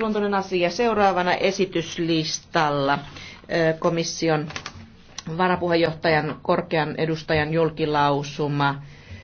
luontoinen asia seuraavana esityslistalla komission varapuheenjohtajan korkean edustajan julkilausuma